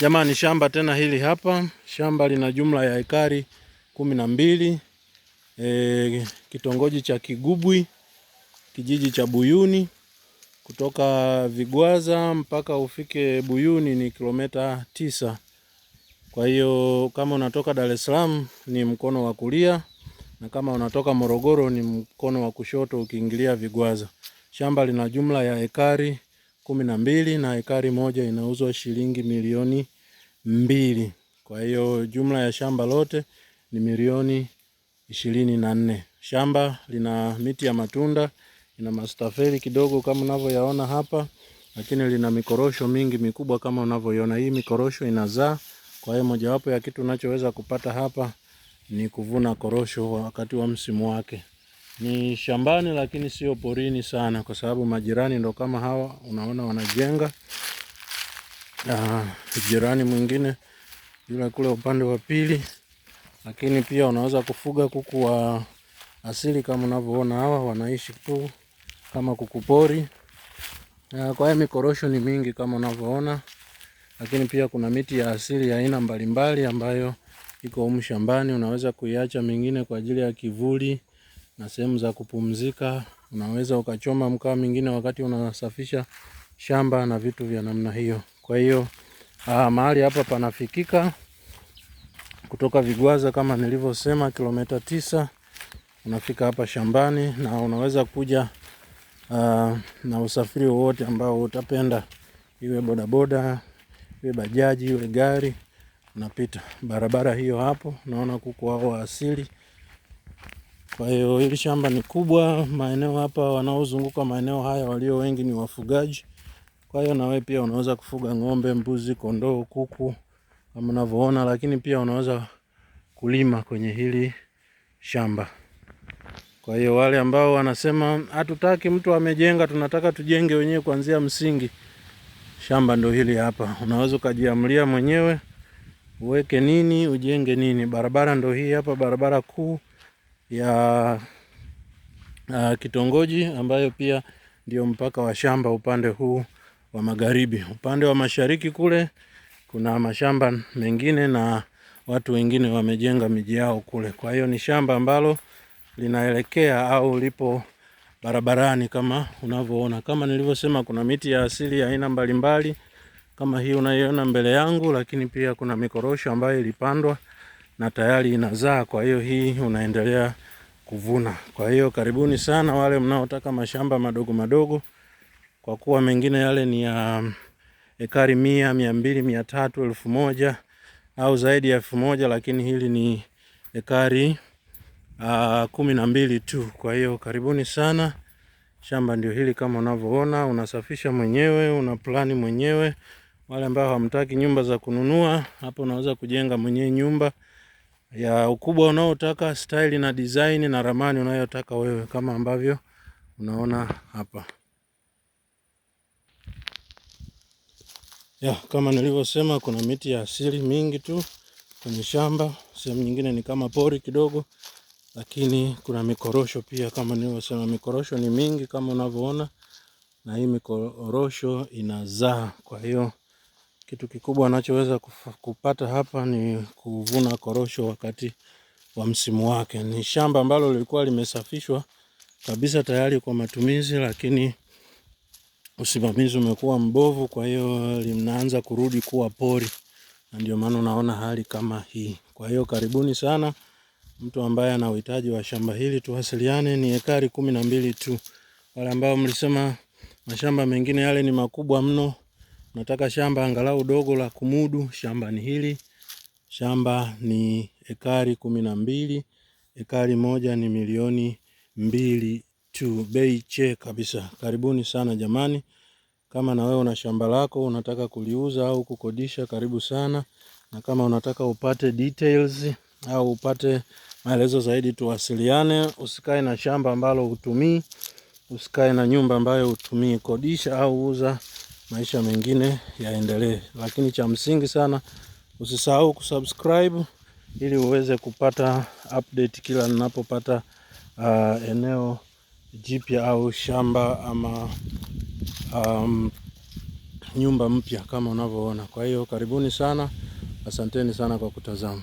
Jamani, shamba tena hili hapa, shamba lina jumla ya ekari kumi na mbili e, kitongoji cha Kigubwi, kijiji cha Buyuni. Kutoka Vigwaza mpaka ufike Buyuni ni kilomita tisa. Kwa hiyo kama unatoka Dar es Salaam ni mkono wa kulia, na kama unatoka Morogoro ni mkono wa kushoto ukiingilia Vigwaza. Shamba lina jumla ya ekari kumi na mbili na ekari moja inauzwa shilingi milioni mbili. Kwa hiyo jumla ya shamba lote ni milioni ishirini na nne. Shamba lina miti ya matunda, ina mastafeli kidogo kama unavyoyaona hapa, lakini lina mikorosho mingi mikubwa kama unavyoiona. Hii mikorosho inazaa. Kwa hiyo mojawapo ya kitu unachoweza kupata hapa ni kuvuna korosho wakati wa msimu wake. Ni shambani lakini sio porini sana, kwa sababu majirani ndo kama hawa unaona wanajenga. Uh, jirani mwingine yule kule upande wa pili, lakini pia unaweza kufuga kuku wa asili kama unavyoona hawa wanaishi tu kama kuku pori. Uh, kwa hiyo mikorosho ni mingi kama unavyoona, lakini pia kuna miti ya asili ya aina mbalimbali ambayo iko humu shambani. Unaweza kuiacha mingine kwa ajili ya kivuli na sehemu za kupumzika. Unaweza ukachoma mkaa mwingine wakati unasafisha shamba na vitu vya namna hiyo. Kwa hiyo ah, mahali hapa panafikika kutoka Vigwaza kama nilivyosema, kilomita tisa unafika hapa shambani, na unaweza kuja aa, ah, na usafiri wowote ambao utapenda, iwe bodaboda, iwe bajaji, iwe gari. Unapita barabara hiyo hapo, naona kuku wao wa asili. Kwa hiyo hili shamba ni kubwa, maeneo hapa wanaozunguka maeneo haya walio wengi ni wafugaji. Kwa hiyo na wewe pia unaweza kufuga ng'ombe, mbuzi, kondoo, kuku kama unavyoona, lakini pia unaweza kulima kwenye hili shamba. Kwa hiyo wale ambao wanasema hatutaki mtu amejenga, tunataka tujenge wenyewe kuanzia msingi, shamba ndio hili hapa. Unaweza ukajiamlia mwenyewe uweke nini, ujenge nini. Barabara ndio hii hapa, barabara kuu cool ya uh, kitongoji ambayo pia ndio mpaka wa shamba upande huu wa magharibi. Upande wa mashariki kule kuna mashamba mengine na watu wengine wamejenga miji yao kule. Kwa hiyo ni shamba ambalo linaelekea au lipo barabarani kama unavyoona. Kama nilivyosema, kuna miti ya asili ya aina mbalimbali kama hii unayoona mbele yangu, lakini pia kuna mikorosho ambayo ilipandwa na tayari inazaa. Kwa hiyo hii unaendelea kuvuna. Kwa hiyo karibuni sana wale mnaotaka mashamba madogo madogo, kwa kuwa mengine yale ni ya mm, ekari mia, mia mbili, mia tatu, elfu moja au zaidi ya elfu moja lakini hili ni ekari uh, kumi na mbili tu. Kwa hiyo karibuni sana. Shamba ndio hili kama unavyoona, unasafisha mwenyewe, una plani mwenyewe. Wale ambao hamtaki nyumba za kununua, hapo unaweza kujenga mwenyewe nyumba ya ukubwa unaotaka, style na design na ramani unayotaka wewe, kama ambavyo unaona hapa ya. Kama nilivyosema, kuna miti ya asili mingi tu kwenye shamba, sehemu nyingine ni kama pori kidogo, lakini kuna mikorosho pia. Kama nilivyosema, mikorosho ni mingi kama unavyoona, na hii mikorosho inazaa, kwa hiyo kitu kikubwa anachoweza kupata hapa ni kuvuna korosho wakati wa msimu wake. Ni shamba ambalo lilikuwa limesafishwa kabisa tayari kwa matumizi, lakini usimamizi umekuwa mbovu, kwa hiyo linaanza kurudi kuwa pori, na ndio maana unaona hali kama hii. Kwa hiyo karibuni sana mtu ambaye ana uhitaji wa shamba hili tuwasiliane. Ni ekari kumi na mbili tu. Wale ambao mlisema mashamba mengine yale ni makubwa mno Nataka shamba angalau dogo la kumudu. Shamba ni hili, shamba ni ekari kumi na mbili, ekari moja ni milioni mbili tu, bei che kabisa. Karibuni sana jamani. Kama na wewe una shamba lako unataka kuliuza au kukodisha, karibu sana. Na kama unataka upate details au upate maelezo zaidi, tuwasiliane. Usikae na shamba ambalo hutumii, usikae na nyumba ambayo hutumii. Kodisha au uza maisha mengine yaendelee, lakini cha msingi sana usisahau kusubscribe ili uweze kupata update kila ninapopata uh, eneo jipya au shamba ama um, nyumba mpya kama unavyoona. Kwa hiyo karibuni sana, asanteni sana kwa kutazama.